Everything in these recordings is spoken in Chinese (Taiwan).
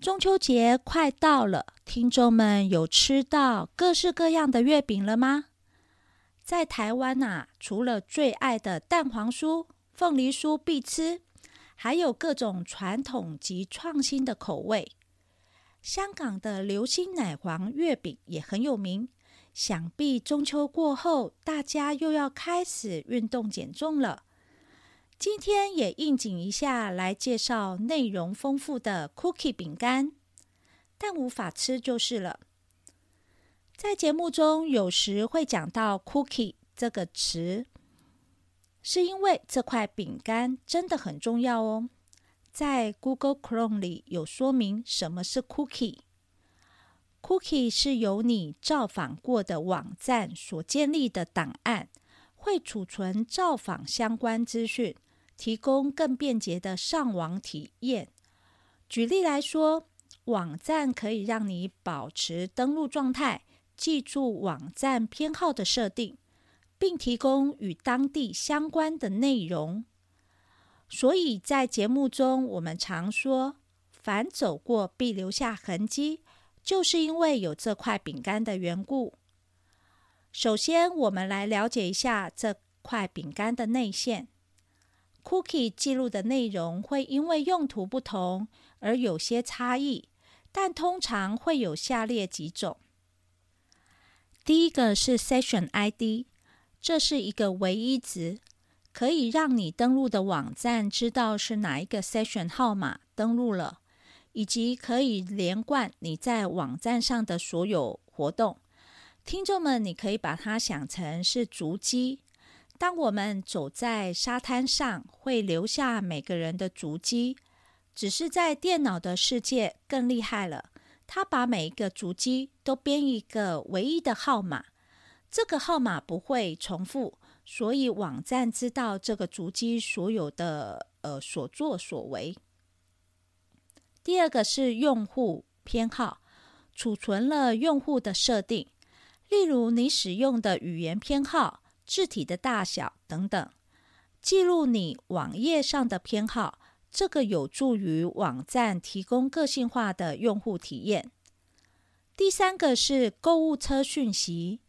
中秋節快到了，聽眾們有吃到各式各樣的月餅了嗎？在台灣吶、啊，除了最愛的蛋黃酥、鳳梨酥必吃，還有各種傳統及創新的口味。香港的流心奶黃月餅也很有名，想必中秋過後，大家又要開始運動減重了。今天也應景一下，來介紹內容豐富的 Cookie 餅乾，但無法吃就是了。在節目中有時會講到 Cookie 這個詞，是因為這塊餅乾真的很重要哦。在 Google Chrome 裡有說明什麼是 Cookie。Cookie 是由你造訪過的網站所建立的檔案，會儲存造訪相關資訊。提供更便捷的上網體驗。舉例來說，網站可以讓你保持登錄狀態，記住網站偏好的設定，並提供與當地相關的內容。所以，在節目中，我們常說“凡走過，必留下痕跡”，就是因為有這塊餅乾的緣故。首先，我們來了解一下這塊餅乾的內餡。Cookie 記錄的內容會因為用途不同而有些差異，但通常會有下列幾種。第一個是 Session ID，這是一個唯一值，可以讓你登錄的網站知道是哪一個 Session 號碼登錄了，以及可以連貫你在網站上的所有活動。聽眾們，你可以把它想成是足跡。當我們走在沙灘上，會留下每個人的足跡。只是在電腦的世界更厲害了，它把每一個足跡都編一個唯一的號碼，這個號碼不會重複，所以網站知道這個足跡所有的呃所作所為。第二個是用戶偏好，儲存了用戶的設定，例如你使用的語言偏好。字體的大小等等，記錄你網頁上的偏好，這個有助於網站提供個性化的用戶體驗。第三個是購物車訊息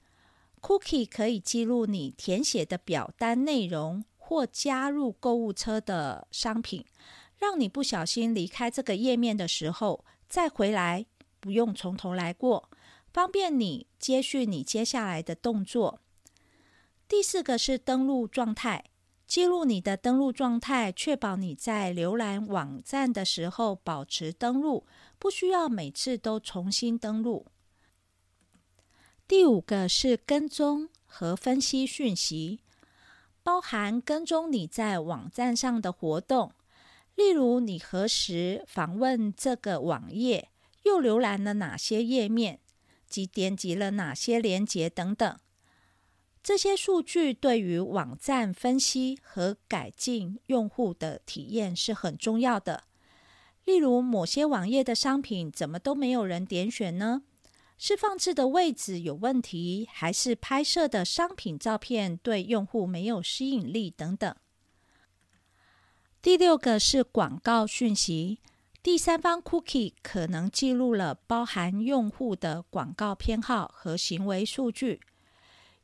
，Cookie 可以記錄你填寫的表單內容或加入購物車的商品，讓你不小心離開這個頁面的時候再回來，不用從頭來過，方便你接續你接下來的動作。第四個是登錄狀態，記錄你的登錄狀態，確保你在瀏覽網站的時候保持登錄，不需要每次都重新登錄。第五個是跟蹤和分析訊息，包含跟蹤你在網站上的活動，例如你何時訪問這個網頁，又瀏覽了哪些頁面，及點擊了哪些鏈接等等。這些數據對於網站分析和改進用戶的體驗是很重要的。例如，某些網頁的商品怎麼都沒有人點選呢？是放置的位置有問題，還是拍攝的商品照片對用戶沒有吸引力等等？第六個是廣告訊息，第三方 Cookie 可能記錄了包含用戶的廣告偏好和行為數據。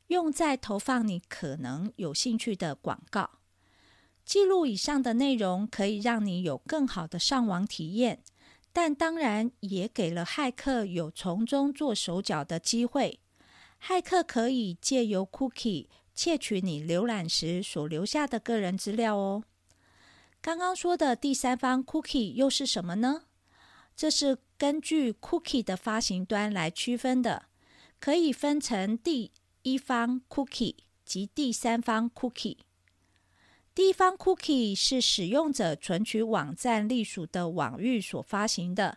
用在投放你可能有興趣的廣告。記錄以上的內容可以讓你有更好的上網體驗，但當然也給了駭客有從中做手腳的機會。駭客可以借由 Cookie 竊取你瀏覽時所留下的個人資料哦。剛剛說的第三方 Cookie 又是什麼呢？這是根據 Cookie 的發行端來區分的，可以分成第。第一方 cookie 及第三方 cookie。第一方 cookie 是使用者存取網站隸屬的網域所發行的，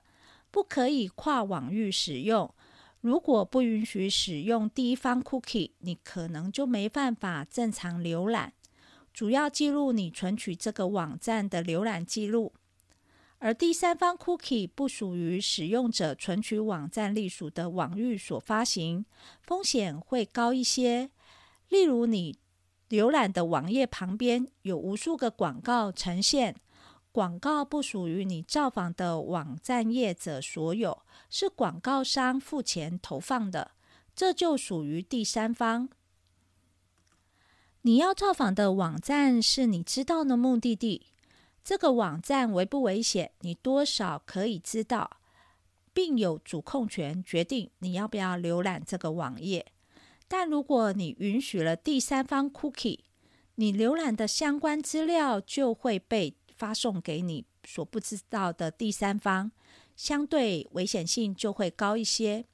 不可以跨網域使用。如果不允許使用第一方 cookie，你可能就沒辦法正常瀏覽。主要記錄你存取這個網站的瀏覽記錄。而第三方 cookie 不屬於使用者存取網站隸屬的網域所發行，風險會高一些。例如，你瀏覽的網頁旁邊有無數個廣告呈現，廣告不屬於你造訪的網站業者所有，是廣告商付錢投放的，這就屬於第三方。你要造訪的網站是你知道的目的地。這個網站危不危險，你多少可以知道，並有主控權決定你要不要瀏覽這個網頁。但如果你允許了第三方 cookie，你瀏覽的相關資料就會被發送給你所不知道的第三方，相對危險性就會高一些。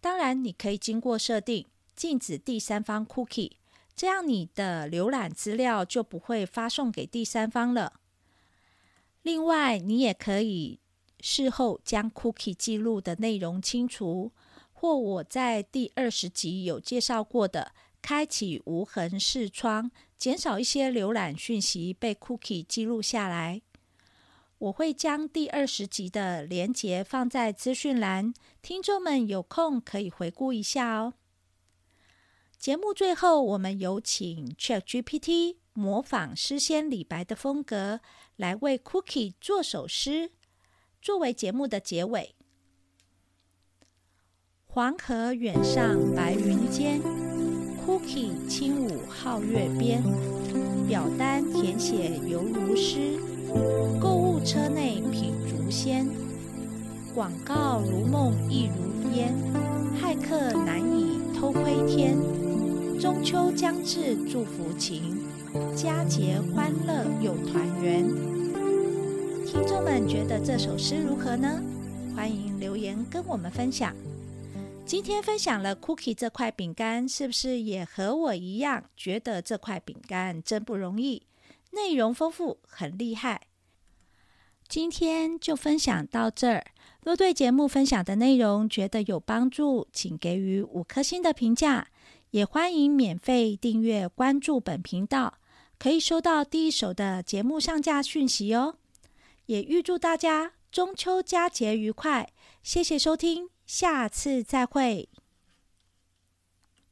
當然，你可以經過設定禁止第三方 cookie。這樣你的瀏覽資料就不會發送給第三方了。另外，你也可以事後將 Cookie 記錄的內容清除，或我在第二十集有介紹過的開啟無痕視窗，減少一些瀏覽訊息被 Cookie 記錄下來。我會將第二十集的連結放在資訊欄，聽眾們有空可以回顧一下哦。節目最後，我們有請 ChatGPT 模仿詩仙李白的風格，來為 Cookie 做首詩，作為節目的結尾。黃河遠上白雲間，Cookie 輕舞皓月邊。表單填寫猶如詩，購物車內品竹仙。廣告如夢亦如煙，駭客難以偷窺天。中秋將至，祝福情，佳節歡樂又團圓。聽眾們覺得這首詩如何呢？歡迎留言跟我們分享。今天分享了 Cookie 這塊餅乾，是不是也和我一樣覺得這塊餅乾真不容易？內容豐富，很厲害。今天就分享到這兒。若對節目分享的內容覺得有幫助，請給予五顆星的評價。也歡迎免費訂閱關注本頻道，可以收到第一手的節目上架訊息哦。也預祝大家中秋佳節愉快！謝謝收聽，下次再會。